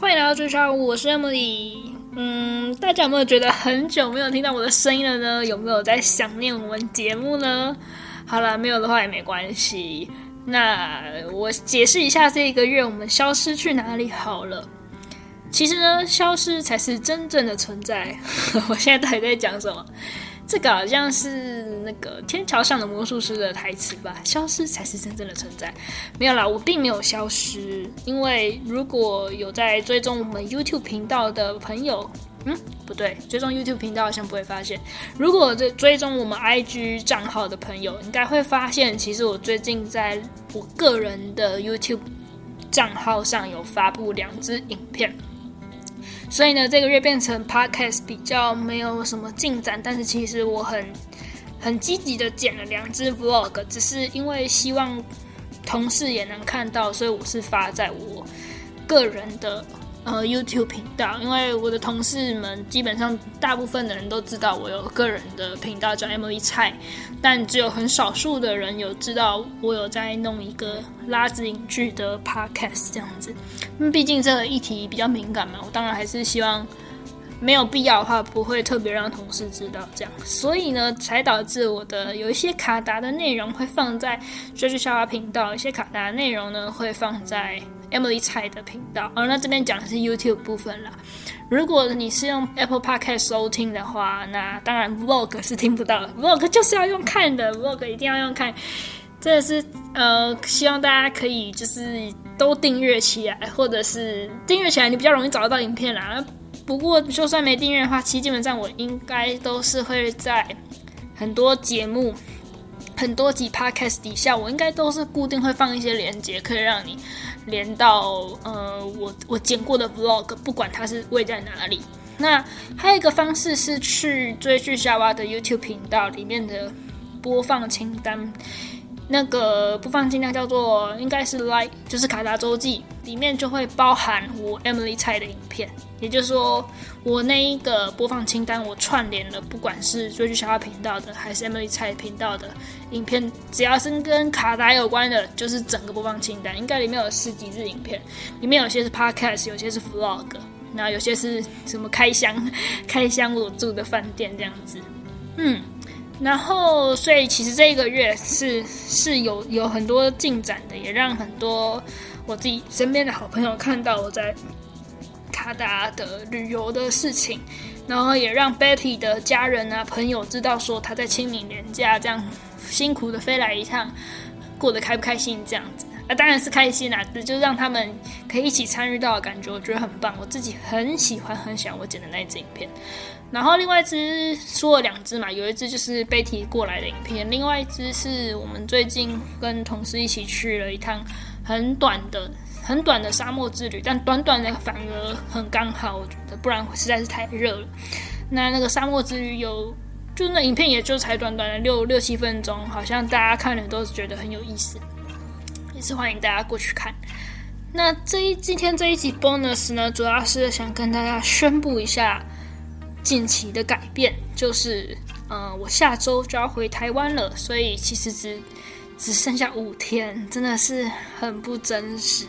歡迎來到追劇夏娃，我是 Emily。嗯，大家有沒有覺得很久沒有聽到我的聲音了呢？有沒有在想念我們節目呢？好啦，沒有的話也沒關係。那我解釋一下，這一個月我們消失去哪裡好了？其實呢，消失才是真正的存在。呵呵，我現在到底在講什麼？這個好像是那個天橋上的魔術師的台詞吧？消失才是真正的存在。沒有啦，我並沒有消失。因為如果有在追蹤我們 YouTube 頻道的朋友，嗯，不對，追蹤 YouTube 頻道好像不會發現。如果在追蹤我們 IG 賬號的朋友，應該會發現，其實我最近在我個人的 YouTube 賬號上有發布兩支影片。所以呢，這個月變成 podcast 比較沒有什麼進展，但是其實我很很積極的剪了兩支 vlog，只是因為希望同事也能看到，所以我是發在我個人的。呃，YouTube 頻道，因為我的同事們基本上大部分的人都知道我有個人的頻道叫 M.E 菜，但只有很少數的人有知道我有在弄一個拉子影劇的 podcast 這樣子。因為畢竟這個議題比較敏感嘛，我當然還是希望沒有必要的話不會特別讓同事知道這樣，所以呢才導致我的有一些卡達的內容會放在追劇夏娃頻道，一些卡達的內容呢會放在。Emily 蔡的頻道，而、哦、那這邊講的是 YouTube 部分了。如果你是用 Apple Podcast 收聽的話，那當然 Vlog 是聽不到，Vlog 就是要用看的，Vlog 一定要用看。這是，呃，希望大家可以就是都訂閱起來，或者是訂閱起來，你比較容易找得到影片啦。不過就算沒訂閱的話，其實基本上我應該都是會在很多節目。很多集 podcast 底下，我應該都是固定會放一些鏈接，可以讓你連到呃，我我剪過的 vlog，不管它是位在哪裡。那還有一個方式是去追劇夏娃的 YouTube 頻道裡面的播放清單，那個播放清單叫做應該是 Like，就是卡達週記。裡面就會包含我 Emily 蔡的影片，也就是說，我那一個播放清單，我串聯了不管是追劇小號頻道的，還是 Emily 蔡頻道的影片，只要是跟卡達有關的，就是整個播放清單。應該裡面有十幾支影片，裡面有些是 Podcast，有些是 Vlog，然後有些是什麼開箱，開箱我住的飯店這樣子。嗯，然後所以其實這一個月是是有有很多進展的，也讓很多。我自己身邊的好朋友看到我在卡達的旅遊的事情，然後也讓 Betty 的家人啊、朋友知道說他在清明連假，這樣辛苦的飛來一趟，過得開不開心這樣子啊，當然是開心啦，啊，也就讓他們可以一起參與到的感覺，我覺得很棒。我自己很喜歡很喜歡我剪的那一支影片，然後另外一支，說了兩支嘛，有一支就是 Betty 過來的影片，另外一支是我們最近跟同事一起去了一趟。很短的，很短的沙漠之旅，但短短的反而很剛好，我覺得，不然實在是太熱了。那那個沙漠之旅有，就那影片也就才短短的六六七分鐘，好像大家看了都是覺得很有意思，也是歡迎大家過去看。那這一今天這一集 bonus 呢，主要是想跟大家宣布一下近期的改變，就是嗯、呃，我下周就要回台灣了，所以其實只。只剩下五天，真的是很不真實，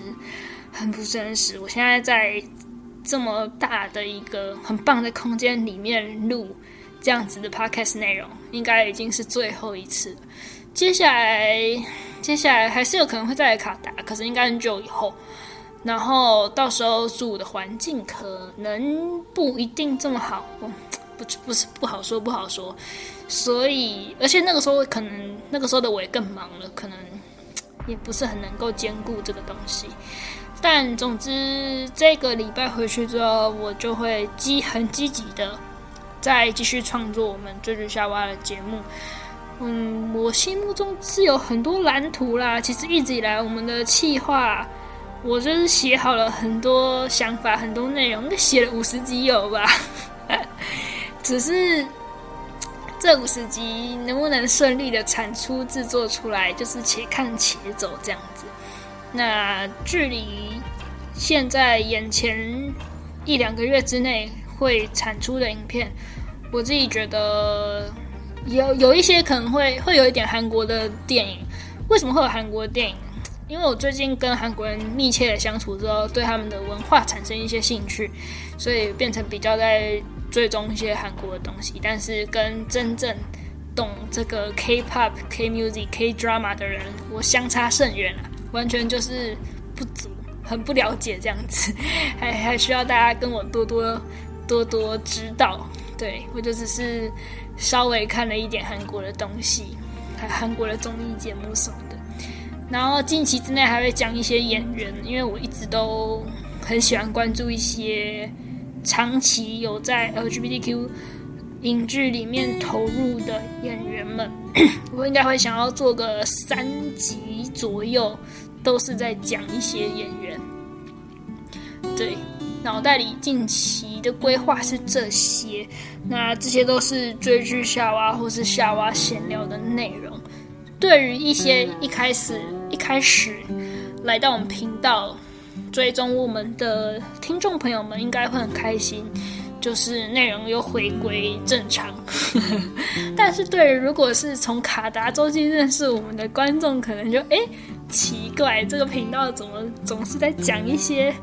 很不真實。我現在在這麼大的一個很棒的空間裡面錄這樣子的 podcast 內容，應該已經是最後一次了。接下來，接下來還是有可能會再來卡達，可是應該很久以後。然後到時候住的環境可能不一定這麼好。不不是，不好說不好說，所以，而且那個時候可能那個時候的我也更忙了，可能也不是很能夠兼顧這個東西。但總之這個禮拜回去之後，我就會積很積極的再繼續創作我們《追劇夏娃》的節目。嗯，我心目中是有很多藍圖啦。其實一直以來我們的企劃，我就是寫好了很多想法，很多內容，應該寫了五十集有吧。只是這五十集能不能順利的產出制作出來，就是且看且走這樣子。那距離現在眼前一兩個月之內會產出的影片，我自己覺得有有一些可能會會有一點韓國的電影。為什麼會有韓國的電影？因為我最近跟韓國人密切的相處之後，對他們的文化產生一些興趣，所以變成比較在。追蹤一些韓國的東西，但是跟真正懂這個 K-pop、K-music、K-drama 的人，我相差甚遠了，啊，完全就是不足，很不了解這樣子，還還需要大家跟我多多多多指導。對，我就只是稍微看了一點韓國的東西，還有韓國的綜藝節目什麼的。然後近期之內還會講一些演員，因為我一直都很喜歡關注一些，長期有在 LGBTQ 影劇裡面投入的演員們， 我應該會想要做個三集左右，都是在講一些演員。對，腦袋裡近期的規劃是這些。那這些都是追劇夏娃或是夏娃閒聊的內容。對於一些一開始一開始來到我們頻道。追蹤我們的聽眾朋友們應該會很開心，就是內容又回歸正常。 但是對，如果是從卡達週記認識我們的觀眾，可能就誒奇怪，這個頻道怎麼總是在講一些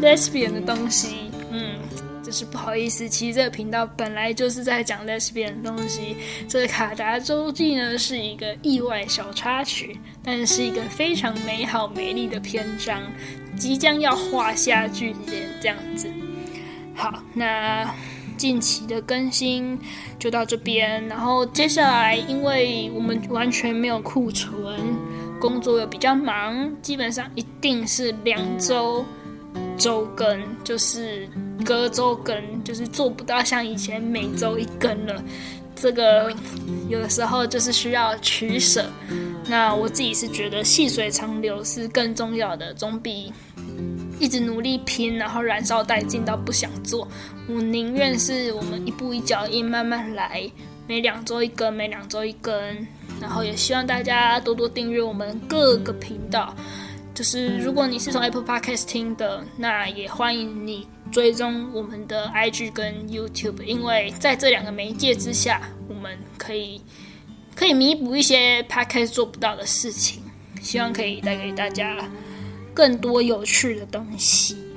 Lesbian 的東西？嗯，就是不好意思，其實這個頻道本來就是在講 Lesbian 的東西。這個卡達週記呢是一個意外小插曲，但是一個非常美好美麗的篇章。即將要畫下去，這樣子。好，那近期的更新就到這邊。然後接下來，因為我們完全沒有庫存，工作又比較忙，基本上一定是兩周周更，就是隔周更，就是做不到像以前每周一更了。這個有的時候就是需要取舍。那我自己是覺得細水長流是更重要的，總比。一直努力拼，然後燃燒殆盡到不想做。我寧願是我們一步一腳印，慢慢來，每兩周一更，每兩周一更。然後也希望大家多多訂閱我們各個頻道。就是如果你是從 Apple Podcast 聽的，那也歡迎你追蹤我們的 IG 跟 YouTube，因為在這兩個媒介之下，我們可以可以彌補一些 Podcast 做不到的事情。希望可以帶給大家。更多有趣的東西。